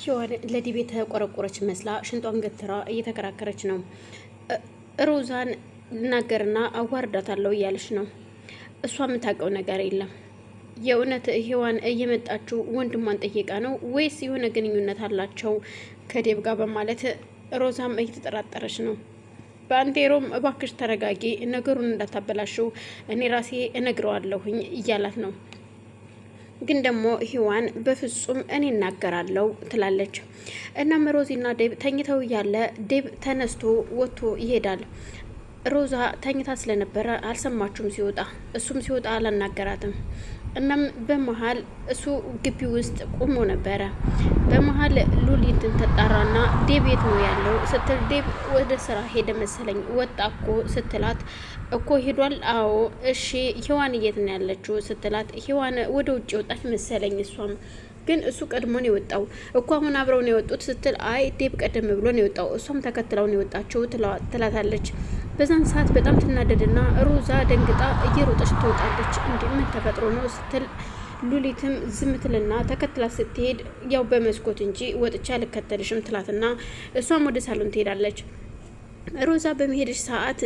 ሄዋን ለዲቤ ተቆረቆረች መስላ ሽንጧን ገትራ እየተከራከረች ነው። ሮዛን ልናገርና አዋርዳታለሁ እያለች ነው። እሷ የምታውቀው ነገር የለም። የእውነት ሄዋን እየመጣችው ወንድሟን ጠይቃ ነው ወይስ የሆነ ግንኙነት አላቸው ከዴብ ጋር በማለት ሮዛም እየተጠራጠረች ነው። በአንቴሮም እባክሽ ተረጋጊ፣ ነገሩን እንዳታበላሽው እኔ ራሴ እነግረዋለሁኝ እያላት ነው። ግን ደግሞ ሂዋን በፍጹም እኔ እናገራለሁ ትላለች። እናም ሮዚና ዴብ ተኝተው እያለ ዴብ ተነስቶ ወጥቶ ይሄዳል። ሮዛ ተኝታ ስለነበረ አልሰማችሁም ሲወጣ። እሱም ሲወጣ አላናገራትም። እናም በመሀል እሱ ግቢ ውስጥ ቆሞ ነበረ። በመሀል ሉሊትን ተጣራና ዴብ የት ነው ያለው ስትል ዴብ ወደ ስራ ሄደ መሰለኝ ወጣ እኮ ስትላት እኮ ሄዷል። አዎ እሺ፣ ሄዋን የት ነው ያለችው ስትላት ሄዋን ወደ ውጭ ወጣች መሰለኝ እሷም ግን እሱ ቀድሞ ነው የወጣው እኮ አሁን አብረው ነው የወጡት ስትል አይ ዴብ ቀደም ብሎ ነው የወጣው እሷም ተከትለው ነው የወጣቸው ትላታለች። በዛን ሰዓት በጣም ትናደድና ሮዛ ደንግጣ እየሮጠች ትወጣለች። እንዲ ምን ተፈጥሮ ነው ስትል ሉሊትም ዝምትልና ተከትላ ስትሄድ ያው በመስኮት እንጂ ወጥቼ አልከተልሽም ትላትና እሷም ወደ ሳሎን ትሄዳለች። ሮዛ በመሄደች ሰዓት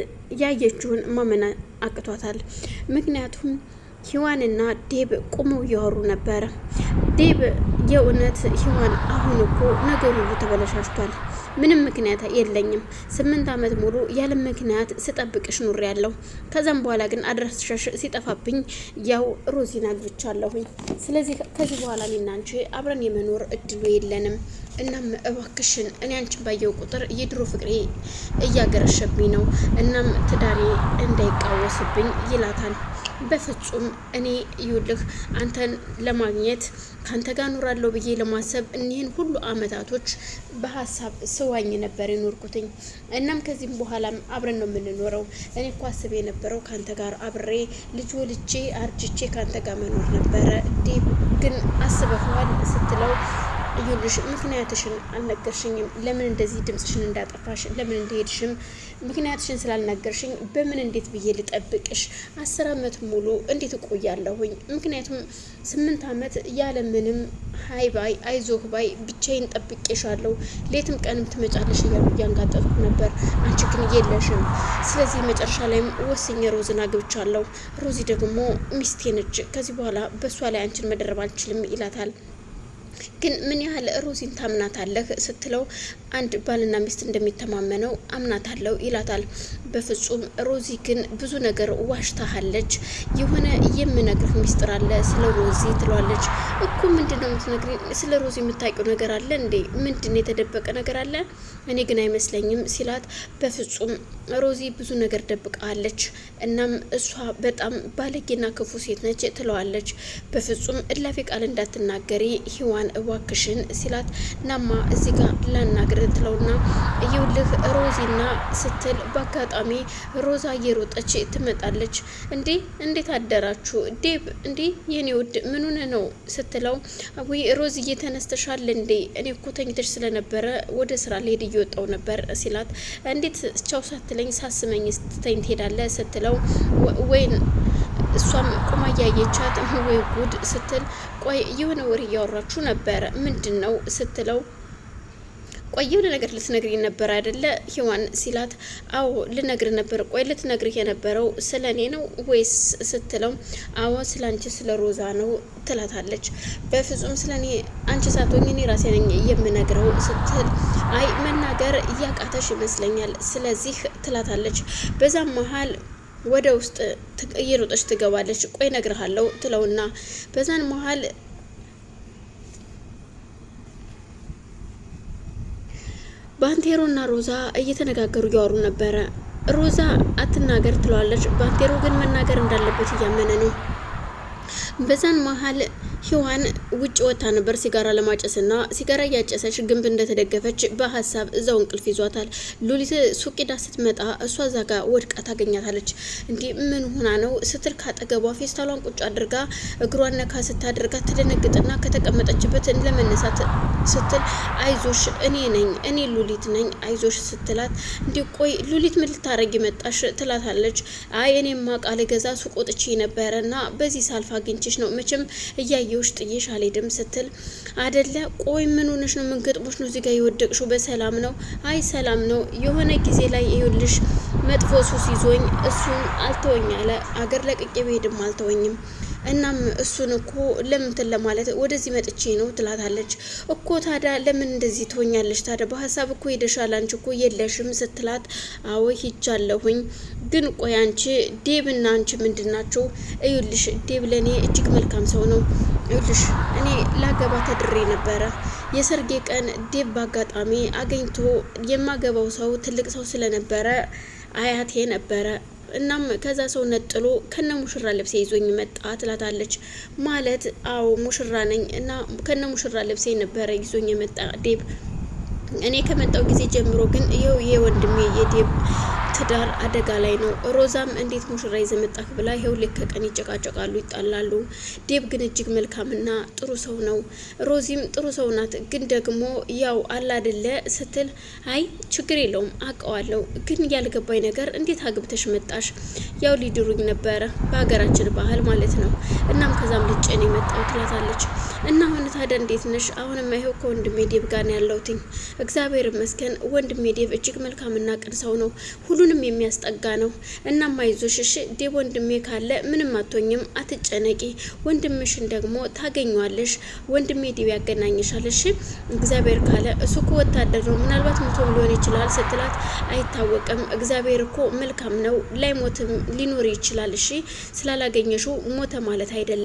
ያየችውን ማመን አቅቷታል። ምክንያቱም ሂዋንና ዴብ ቁመው እያወሩ ነበረ። ዴብ የእውነት ሂዋን፣ አሁን እኮ ነገሩ ተበለሻሽቷል ምንም ምክንያት የለኝም። ስምንት ዓመት ሙሉ ያለ ምክንያት ስጠብቅሽ ኑሬ ያለው። ከዛም በኋላ ግን አድራሻሽ ሲጠፋብኝ ያው ሮዚን አግብቻለሁኝ። ስለዚህ ከዚህ በኋላ እኔና አንቺ አብረን የመኖር እድሉ የለንም። እናም እባክሽን እኔ አንቺን ባየው ቁጥር የድሮ ፍቅሬ እያገረሸብኝ ነው። እናም ትዳሬ እንዳይቃወስብኝ ይላታል። በፍጹም እኔ ይውልህ አንተን ለማግኘት ከአንተ ጋር ኖራለሁ ብዬ ለማሰብ እኒህን ሁሉ አመታቶች በሀሳብ ስዋኝ ነበር የኖርኩትኝ። እናም ከዚህም በኋላም አብረን ነው የምንኖረው። እኔ እኮ አስብ የነበረው ከአንተ ጋር አብሬ ልጅ ወልጄ አርጅቼ ከአንተ ጋር መኖር ነበረ። ግን አስበኸዋል ስትለው እዩልሽ ምክንያትሽን አልነገርሽኝም። ለምን እንደዚህ ድምፅሽን እንዳጠፋሽ ለምን እንደሄድሽም ምክንያትሽን ስላልነገርሽኝ በምን እንዴት ብዬ ልጠብቅሽ? አስር አመት ሙሉ እንዴት እቆያለሁኝ? ምክንያቱም ስምንት አመት ያለምንም ሀይ ባይ አይዞህ ባይ ብቻዬን ጠብቄሻለሁ። ሌትም ቀንም ትመጫለሽ እያሉ እያንጋጠጥኩ ነበር። አንቺ ግን የለሽም። ስለዚህ መጨረሻ ላይም ወስኜ ሮዝን አግብቻለሁ። ሮዚ ደግሞ ሚስቴ ነች። ከዚህ በኋላ በእሷ ላይ አንቺን መደረብ አልችልም ይላታል። ግን ምን ያህል ሮዚን ታምናታለህ ስትለው አንድ ባልና ሚስት እንደሚተማመነው አምናታለሁ ይላታል። በፍጹም ሮዚ ግን ብዙ ነገር ዋሽታሃለች፣ የሆነ የምነግርህ ሚስጥር አለ ስለ ሮዚ ትለዋለች። እኮ ምንድን ነው የምትነግሪኝ? ስለ ሮዚ የምታውቂው ነገር አለ እንዴ? ምንድን የተደበቀ ነገር አለ? እኔ ግን አይመስለኝም ሲላት፣ በፍጹም ሮዚ ብዙ ነገር ደብቃለች። እናም እሷ በጣም ባለጌና ክፉ ሴት ነች ትለዋለች። በፍጹም እላፊ ቃል እንዳትናገሪ ሂዋን ናማን እዋክሽን ሲላት ናማ እዚህ ጋር ላናግር ትለውና ይኸውልህ ሮዚና ስትል በአጋጣሚ ሮዛ እየሮጠች ትመጣለች። እንዴ እንዴት አደራችሁ ዴብ፣ እንዴ የኔ ውድ ምኑን ነው ስትለው ወይ ሮዝ እየተነስተሻል እንዴ እኔ እኮ ተኝተሽ ስለነበረ ወደ ስራ ልሄድ እየወጣው ነበር ሲላት እንዴት ቻው ሳትለኝ ሳስመኝ ስትተኝ ትሄዳለ ስትለው ወይን እሷም ቆማ እያየቻት ወይ ጉድ ስትል፣ ቆይ የሆነ ወሬ እያወራችሁ ነበረ ምንድን ነው ስትለው ቆይ የሆነ ነገር ልትነግሪ ነበር አይደለ ሂዋን ሲላት፣ አዎ ልነግር ነበር። ቆይ ልትነግርህ የነበረው ስለ እኔ ነው ወይስ ስትለው፣ አዎ ስለ አንቺ ስለ ሮዛ ነው ትላታለች። በፍጹም ስለ እኔ አንቺ ሳትሆኝ እኔ ራሴ ነኝ የምነግረው ስትል፣ አይ መናገር እያቃተሽ ይመስለኛል ስለዚህ ትላታለች። በዛም መሀል ወደ ውስጥ እየሮጠች ትገባለች። ቆይ ነግርሃለው ትለውና በዛን መሀል ባንቴሮና ሮዛ እየተነጋገሩ እያወሩ ነበረ። ሮዛ አትናገር ትለዋለች። ባንቴሮ ግን መናገር እንዳለበት እያመነ ነው። በዛን መሀል ሂዋን ውጭ ወጥታ ነበር ሲጋራ ለማጨስና ሲጋራ እያጨሰች ግንብ እንደተደገፈች በሀሳብ እዛው እንቅልፍ ይዟታል። ሉሊት ሱቅዳ ስትመጣ እሷ እዛ ጋ ወድቃ ታገኛታለች። እንዲህ ምን ሆና ነው ስትል ካጠገቧ ፌስታሏን ቁጭ አድርጋ እግሯን ነካ ስታደርጋ ትደነግጥና ከተቀመጠችበት ለመነሳት ስትል አይዞሽ እኔ ነኝ እኔ ሉሊት ነኝ አይዞሽ ስትላት እንዲህ ቆይ ሉሊት ምን ልታረጊ መጣሽ? ትላታለች። አይ እኔማ ቃል ገዛ ሱቆጥቼ ወጥቼ ነበረና በዚህ ሳልፍ አግኝቼሽ ነው መቼም እያየ አላየሁሽ ጥዬሽ አልሄድም ስትል አደለ። ቆይ ምን ሆነሽ ነው? ምን ገጥሞሽ ነው? እዚህ ጋር የወደቅሽው በሰላም ነው? አይ ሰላም ነው። የሆነ ጊዜ ላይ ይኸውልሽ መጥፎ ሱስ ይዞኝ እሱን አልተወኝ አለ። አገር ለቅቄ ብሄድም አልተወኝም እናም እሱን እኮ ለምንትን ለማለት ወደዚህ መጥቼ ነው ትላታለች። እኮ ታዲያ ለምን እንደዚህ ትሆኛለች? ታዲያ በሀሳብ እኮ ሄደሻል፣ አንቺ እኮ የለሽም ስትላት፣ አዎ ሂጃለሁኝ፣ ግን ቆይ አንቺ ዴብና አንቺ ምንድናችሁ? እዩልሽ፣ ዴብ ለእኔ እጅግ መልካም ሰው ነው። እዩልሽ፣ እኔ ላገባ ተድሬ ነበረ። የሰርጌ ቀን ዴብ በአጋጣሚ አገኝቶ የማገባው ሰው ትልቅ ሰው ስለነበረ አያቴ ነበረ እናም ከዛ ሰው ነጥሎ ከነ ሙሽራ ልብሴ ይዞኝ መጣ ትላታለች። ማለት አዎ ሙሽራ ነኝ እና ከነ ሙሽራ ልብሴ ነበረ ይዞኝ የመጣ ዴብ። እኔ ከመጣው ጊዜ ጀምሮ ግን ይኸው ይሄ ወንድሜ የዴብ ትዳር አደጋ ላይ ነው። ሮዛም እንዴት ሙሽራ ይዘመጣክ ብላ ይኸው ልክ ከቀን ይጨቃጨቃሉ፣ ይጣላሉ። ዴብ ግን እጅግ መልካምና ጥሩ ሰው ነው። ሮዚም ጥሩ ሰው ናት፣ ግን ደግሞ ያው አላደለ ስትል አይ ችግር የለውም አውቀዋለሁ፣ ግን ያልገባኝ ነገር እንዴት አግብተሽ መጣሽ? ያው ሊድሩኝ ነበረ በሀገራችን ባህል ማለት ነው። እናም ከዛም ልጭ ነው የመጣው ትላታለች። እና አሁን ታዲያ እንዴት ነሽ? አሁንም ይኸው ከወንድሜ ዴብ ጋር ነው ያለሁትኝ። እግዚአብሔር ይመስገን ወንድሜ ዴብ እጅግ መልካምና ቅን ሰው ነው ሁሉ ሁሉንም የሚያስጠጋ ነው። እናም አይዞሽ እሺ ዴብ ወንድሜ ካለ ምንም አትሆኝም፣ አትጨነቂ። ወንድምሽን ደግሞ ታገኘዋለሽ። ወንድሜ ዴብ ያገናኝሻል። እሺ እግዚአብሔር ካለ እሱ እኮ ወታደር ነው፣ ምናልባት ሞቶም ሊሆን ይችላል ስትላት አይታወቅም። እግዚአብሔር እኮ መልካም ነው፣ ላይሞትም ሊኖር ይችላል። እሺ ስላላገኘሽው ሞተ ማለት አይደለም።